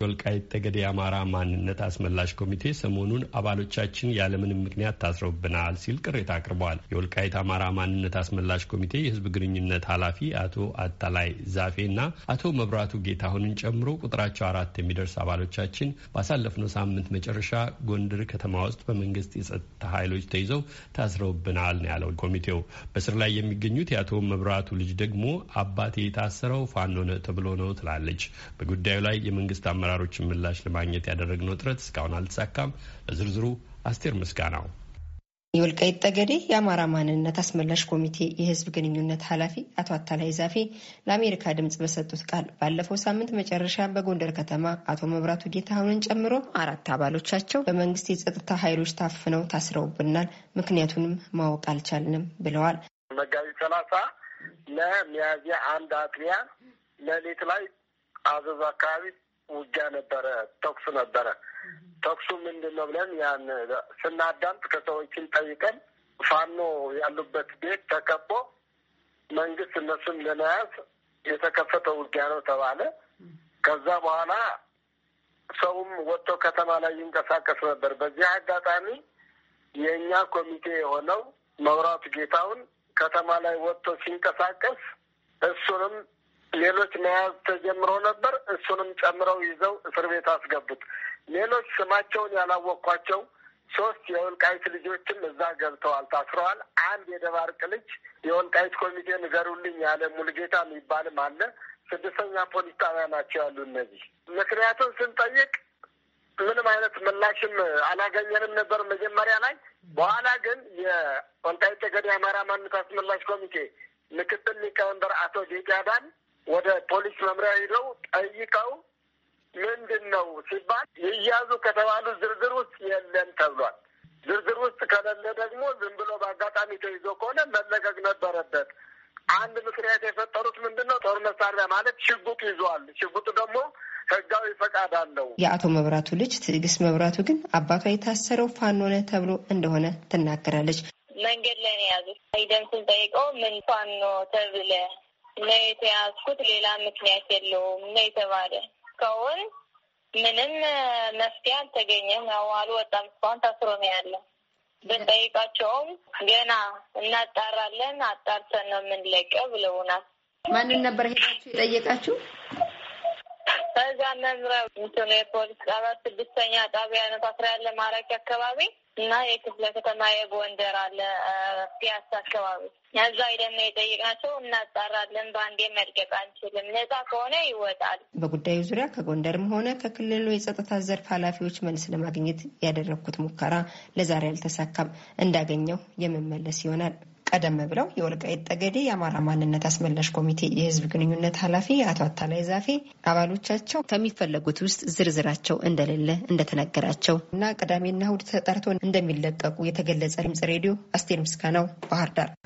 የወልቃይት ጠገዴ የአማራ ማንነት አስመላሽ ኮሚቴ ሰሞኑን አባሎቻችን ያለምንም ምክንያት ታስረውብናል ሲል ቅሬታ አቅርበዋል። የወልቃይት አማራ ማንነት አስመላሽ ኮሚቴ የህዝብ ግንኙነት ኃላፊ አቶ አታላይ ዛፌና አቶ መብራቱ ጌታሁንን ጨምሮ ቁጥራቸው አራት የሚደርስ አባሎቻችን ባሳለፍነው ሳምንት መጨረሻ ጎንደር ከተማ ውስጥ በመንግስት የጸጥታ ኃይሎች ተይዘው ታስረውብናል ነው ያለው ኮሚቴው። በስር ላይ የሚገኙት የአቶ መብራቱ ልጅ ደግሞ አባቴ የታሰረው ፋኖ ተብሎ ነው ትላለች። በጉዳዩ ላይ የመንግስት አመራ አመራሮችን ምላሽ ለማግኘት ያደረግነው ጥረት እስካሁን አልተሳካም። ለዝርዝሩ አስቴር ምስጋናው የወልቃይት ጠገዴ የአማራ ማንነት አስመላሽ ኮሚቴ የህዝብ ግንኙነት ኃላፊ አቶ አታላይ ዛፌ ለአሜሪካ ድምፅ በሰጡት ቃል ባለፈው ሳምንት መጨረሻ በጎንደር ከተማ አቶ መብራቱ ጌታሁንን ጨምሮ አራት አባሎቻቸው በመንግስት የጸጥታ ኃይሎች ታፍነው ታስረውብናል፣ ምክንያቱንም ማወቅ አልቻልንም ብለዋል። መጋቢት ሰላሳ ለሚያዝያ አንድ አጥቢያ ሌሊት ላይ አዘዝ አካባቢ ውጊያ ነበረ፣ ተኩሱ ነበረ። ተኩሱ ምንድን ነው ብለን ያን ስናዳምጥ ከሰዎችን ጠይቀን ፋኖ ያሉበት ቤት ተከቦ መንግስት እነሱን ለመያዝ የተከፈተ ውጊያ ነው ተባለ። ከዛ በኋላ ሰውም ወጥቶ ከተማ ላይ ይንቀሳቀስ ነበር። በዚህ አጋጣሚ የእኛ ኮሚቴ የሆነው መብራቱ ጌታውን ከተማ ላይ ወጥቶ ሲንቀሳቀስ እሱንም ሌሎች መያዝ ተጀምሮ ነበር። እሱንም ጨምረው ይዘው እስር ቤት አስገቡት። ሌሎች ስማቸውን ያላወቅኳቸው ሶስት የወልቃይት ልጆችም እዛ ገብተዋል፣ ታስረዋል። አንድ የደባርቅ ልጅ የወልቃይት ኮሚቴ ንገሩልኝ ያለ ሙልጌታ የሚባልም አለ። ስድስተኛ ፖሊስ ጣቢያ ናቸው ያሉ። እነዚህ ምክንያቱም ስንጠይቅ ምንም አይነት ምላሽም አላገኘንም ነበር መጀመሪያ ላይ። በኋላ ግን የወልቃይት ጠገዴ አማራ ማንነት አስመላሽ ኮሚቴ ምክትል ሊቀመንበር አቶ ጌጫዳን ወደ ፖሊስ መምሪያ ሄደው ጠይቀው ምንድን ነው ሲባል ይያዙ ከተባሉ ዝርዝር ውስጥ የለም ተብሏል። ዝርዝር ውስጥ ከሌለ ደግሞ ዝም ብሎ በአጋጣሚ ተይዞ ከሆነ መለቀቅ ነበረበት። አንድ ምክንያት የፈጠሩት ምንድን ነው? ጦር መሳሪያ ማለት ሽጉጥ ይዟል። ሽጉጡ ደግሞ ህጋዊ ፈቃድ አለው። የአቶ መብራቱ ልጅ ትዕግስት መብራቱ ግን አባቷ የታሰረው ፋኖ ነው ተብሎ እንደሆነ ትናገራለች። መንገድ ላይ ነው የያዙት። ሄደን ጠይቀው ምን ፋኖ ተብለ ነው የተያዝኩት። ሌላ ምክንያት የለውም ነው የተባለ። እስካሁን ምንም መፍትሄ አልተገኘም። ያው አልወጣም፣ እስካሁን ታስሮ ነው ያለው። ብንጠይቃቸውም ገና እናጣራለን፣ አጣርተን ነው የምንለቀው ብለውናል። ማንን ነበር ሄዳችሁ የጠየቃችሁ? በዛ መምሪያ የፖሊስ ጣቢያ ስድስተኛ ጣቢያ ነው ታስራ ያለ ማራኪ አካባቢ እና የክፍለ ከተማ የጎንደር አለ ፒያሳ አካባቢ እዛ ሄደን የጠየቅናቸው እናጣራለን። በአንዴ መልቀቅ አንችልም፣ ነጻ ከሆነ ይወጣል። በጉዳዩ ዙሪያ ከጎንደርም ሆነ ከክልሉ የጸጥታ ዘርፍ ኃላፊዎች መልስ ለማግኘት ያደረግኩት ሙከራ ለዛሬ አልተሳካም። እንዳገኘው የምመለስ ይሆናል። ቀደም ብለው የወልቃይት ጠገዴ የአማራ ማንነት አስመላሽ ኮሚቴ የህዝብ ግንኙነት ኃላፊ አቶ አታላይ ዛፌ አባሎቻቸው ከሚፈለጉት ውስጥ ዝርዝራቸው እንደሌለ እንደተነገራቸው እና ቅዳሜና እሁድ ተጠርቶ እንደሚለቀቁ የተገለጸ ድምጽ ሬዲዮ አስቴር ምስጋናው ባህር ዳር